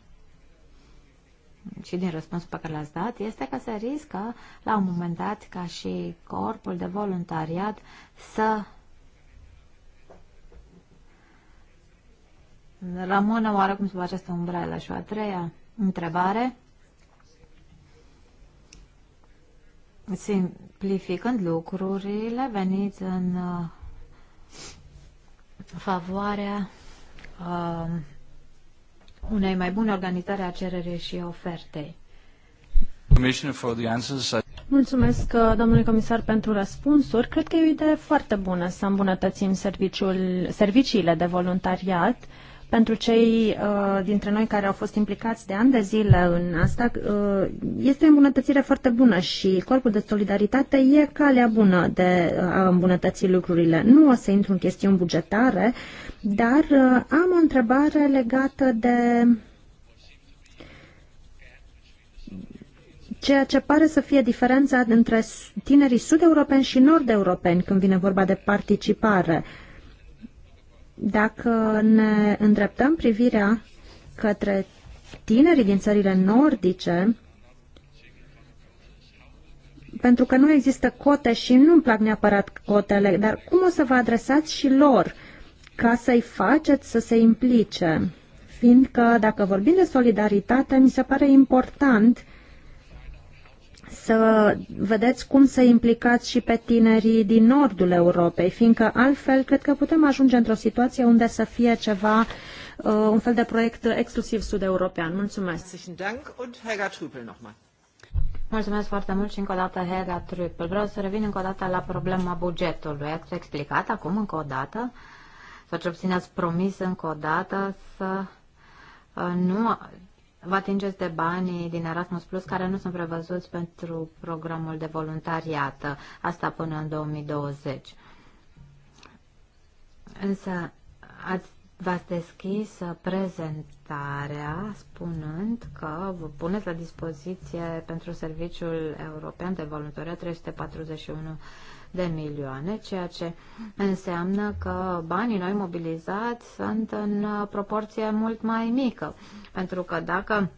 și din răspunsul pe care l-ați dat este că se riscă la un moment dat ca și corpul de voluntariat să rămână oarecum sub această umbrelă. Și o a treia întrebare, simplificând lucrurile, veniți în uh, favoarea uh, unei mai bune organizare a cererii și ofertei. Mulțumesc, uh, domnule comisar, pentru răspunsuri. Cred că e o idee foarte bună să îmbunătățim serviciul, serviciile de voluntariat pentru cei uh, dintre noi care au fost implicați de ani de zile în asta, uh, este o îmbunătățire foarte bună și Corpul de Solidaritate e calea bună de a îmbunătăți lucrurile. Nu o să intru în chestiuni bugetare, dar uh, am o întrebare legată de ceea ce pare să fie diferența între tinerii sud-europeni și nord-europeni când vine vorba de participare. Uh, dacă ne îndreptăm privirea către tinerii din țările nordice, pentru că nu există cote și nu-mi plac neapărat cotele, dar cum o să vă adresați și lor ca să-i faceți să se implice? Fiindcă dacă vorbim de solidaritate, mi se pare important să vedeți cum să implicați și pe tinerii din nordul Europei, fiindcă altfel cred că putem ajunge într-o situație unde să fie ceva, uh, un fel de proiect exclusiv sud-european. Mulțumesc! Mulțumesc foarte mult și încă o dată, Hera Trupel. Vreau să revin încă o dată la problema bugetului. Ați explicat acum încă o dată, sau ce obțineți promis încă o dată să uh, nu vă atingeți de banii din Erasmus Plus care nu sunt prevăzuți pentru programul de voluntariat, asta până în 2020. Însă ați, v-ați deschis prezentarea spunând că vă puneți la dispoziție pentru Serviciul European de Voluntariat 341 de milioane, ceea ce înseamnă că banii noi mobilizați sunt în uh, proporție mult mai mică. Pentru că dacă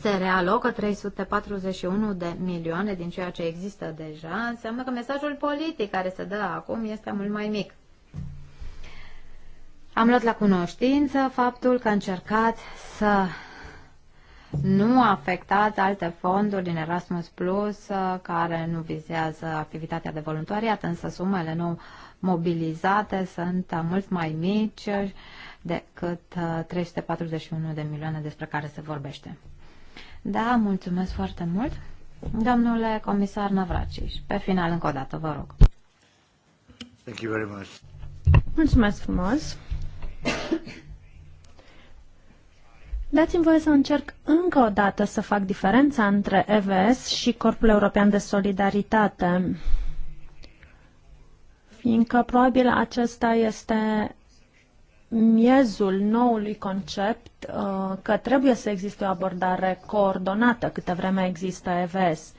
se realocă 341 de milioane din ceea ce există deja, înseamnă că mesajul politic care se dă acum este mult mai mic. Am luat la cunoștință faptul că încercați să nu afectați alte fonduri din Erasmus Plus uh, care nu vizează activitatea de voluntariat, însă sumele nu mobilizate sunt uh, mult mai mici decât 341 uh, de milioane despre care se vorbește. Da, mulțumesc foarte mult. Domnule comisar Navracis, pe final încă o dată, vă rog. Thank you very much. Mulțumesc frumos. Dați-mi voie să încerc încă o dată să fac diferența între EVS și Corpul European de Solidaritate, fiindcă probabil acesta este miezul noului concept uh, că trebuie să existe o abordare coordonată câte vreme există EVS.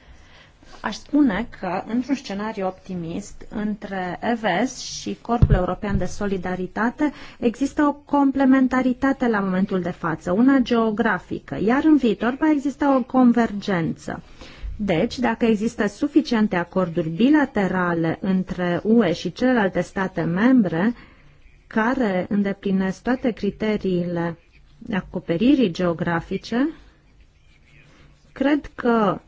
Aș spune că, într-un scenariu optimist, între EVS și Corpul European de Solidaritate există o complementaritate la momentul de față, una geografică, iar în viitor va exista o convergență. Deci, dacă există suficiente acorduri bilaterale între UE și celelalte state membre care îndeplinesc toate criteriile acoperirii geografice, cred că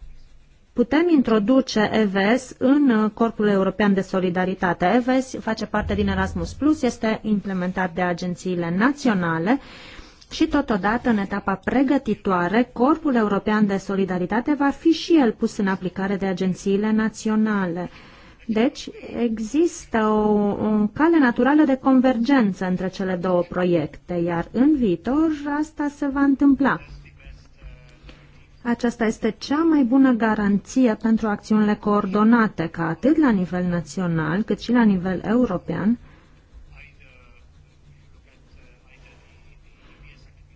putem introduce EVS în uh, Corpul European de Solidaritate. EVS face parte din Erasmus Plus, este implementat de agențiile naționale și totodată în etapa pregătitoare, Corpul European de Solidaritate va fi și el pus în aplicare de agențiile naționale. Deci există o, o cale naturală de convergență între cele două proiecte, iar în viitor asta se va întâmpla. Aceasta este cea mai bună garanție pentru acțiunile coordonate, ca atât la nivel național, cât și la nivel european,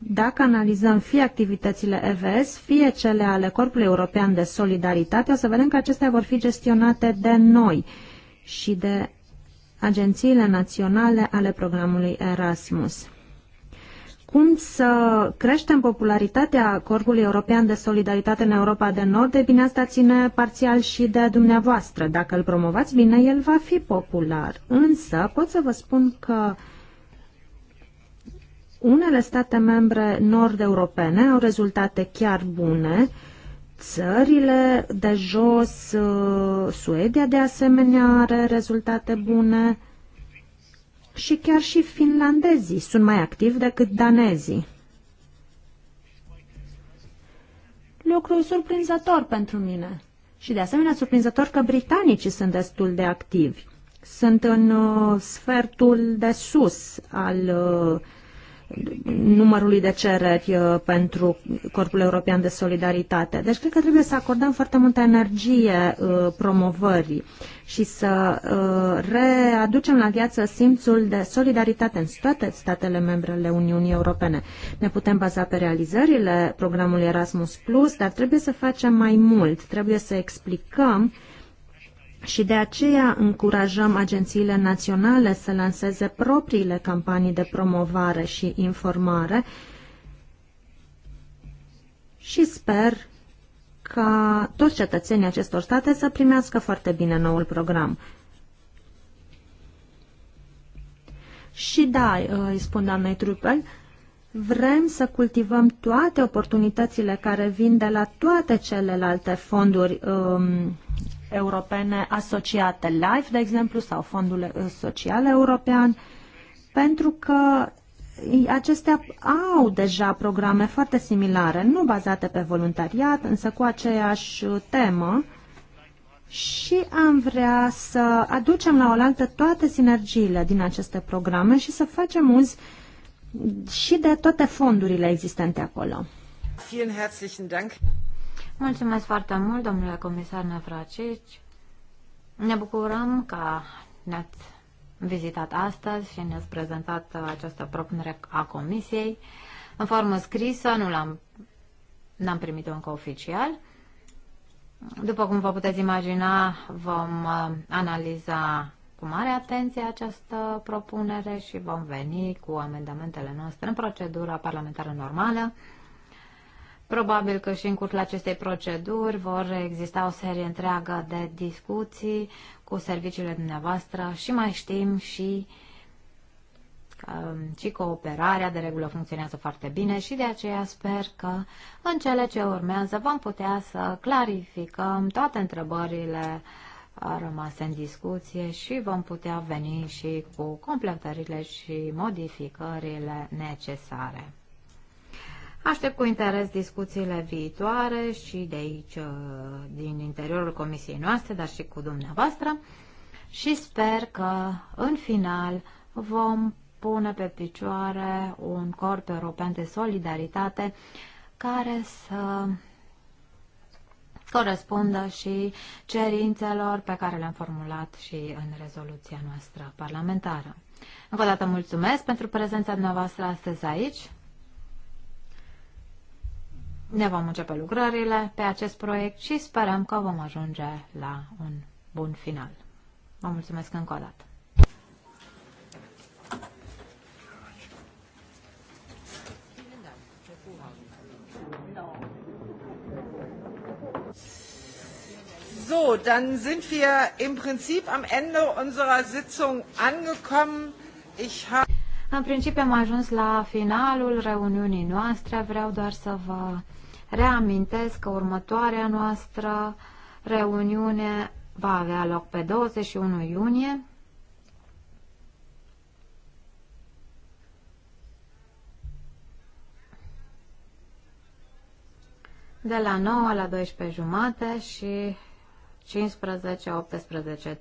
Dacă analizăm fie activitățile EVS, fie cele ale Corpului European de Solidaritate, o să vedem că acestea vor fi gestionate de noi și de agențiile naționale ale programului Erasmus cum să creștem popularitatea Corpului European de Solidaritate în Europa de Nord, de bine asta ține parțial și de dumneavoastră. Dacă îl promovați bine, el va fi popular. Însă pot să vă spun că unele state membre nord-europene au rezultate chiar bune, țările de jos, uh, Suedia de asemenea are rezultate bune, și chiar și finlandezii sunt mai activi decât danezii. Lucru surprinzător pentru mine. Și de asemenea surprinzător că britanicii sunt destul de activi. Sunt în uh, sfertul de sus al uh, numărului de cereri uh, pentru Corpul European de Solidaritate. Deci cred că trebuie să acordăm foarte multă energie uh, promovării și să uh, readucem la viață simțul de solidaritate în toate statele membre ale Uniunii Europene. Ne putem baza pe realizările programului Erasmus+, dar trebuie să facem mai mult. Trebuie să explicăm și de aceea încurajăm agențiile naționale să lanseze propriile campanii de promovare și informare și sper ca toți cetățenii acestor state să primească foarte bine noul program. Și da, îi spun doamnei Trupel, vrem să cultivăm toate oportunitățile care vin de la toate celelalte fonduri um, europene asociate LIFE, de exemplu, sau Fondul Social European, pentru că acestea au deja programe foarte similare, nu bazate pe voluntariat, însă cu aceeași temă și am vrea să aducem la oaltă toate sinergiile din aceste programe și să facem uz și de toate fondurile existente acolo. Mulțumesc foarte mult, domnule comisar Navracici. Ne bucurăm că ne-ați vizitat astăzi și ne-ați prezentat această propunere a comisiei. În formă scrisă, nu l-am n-am primit-o încă oficial. După cum vă puteți imagina, vom uh, analiza cu mare atenție această propunere și vom veni cu amendamentele noastre în procedura parlamentară normală. Probabil că și în cursul acestei proceduri vor exista o serie întreagă de discuții cu serviciile dumneavoastră și mai știm și um, și cooperarea de regulă funcționează foarte bine și de aceea sper că în cele ce urmează vom putea să clarificăm toate întrebările rămase în discuție și vom putea veni și cu completările și modificările necesare. Aștept cu interes discuțiile viitoare și de aici, uh, din interiorul comisiei noastre, dar și cu dumneavoastră și sper că, în final, vom pune pe picioare un corp european de solidaritate care să corespundă și cerințelor pe care le-am formulat și în rezoluția noastră parlamentară. Încă o dată mulțumesc pentru prezența dumneavoastră astăzi aici. Ne vom începe lucrările pe acest proiect și sperăm că vom ajunge la un bun final. Vă mulțumesc încă o dată! So, dann sind wir im Prinzip am Ende unserer Sitzung angekommen. Ich habe în principiu am ajuns la finalul reuniunii noastre. Vreau doar să vă reamintesc că următoarea noastră reuniune va avea loc pe 21 iunie. de la 9 la 12 jumate și 15-18.30,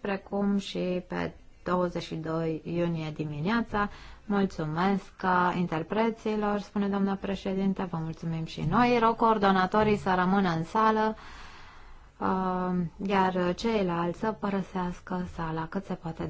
precum și pe 22 iunie dimineața. Mulțumesc interpreților, spune doamna președinte, vă mulțumim și noi. Rog coordonatorii să rămână în sală, uh, iar ceilalți să părăsească sala cât se poate.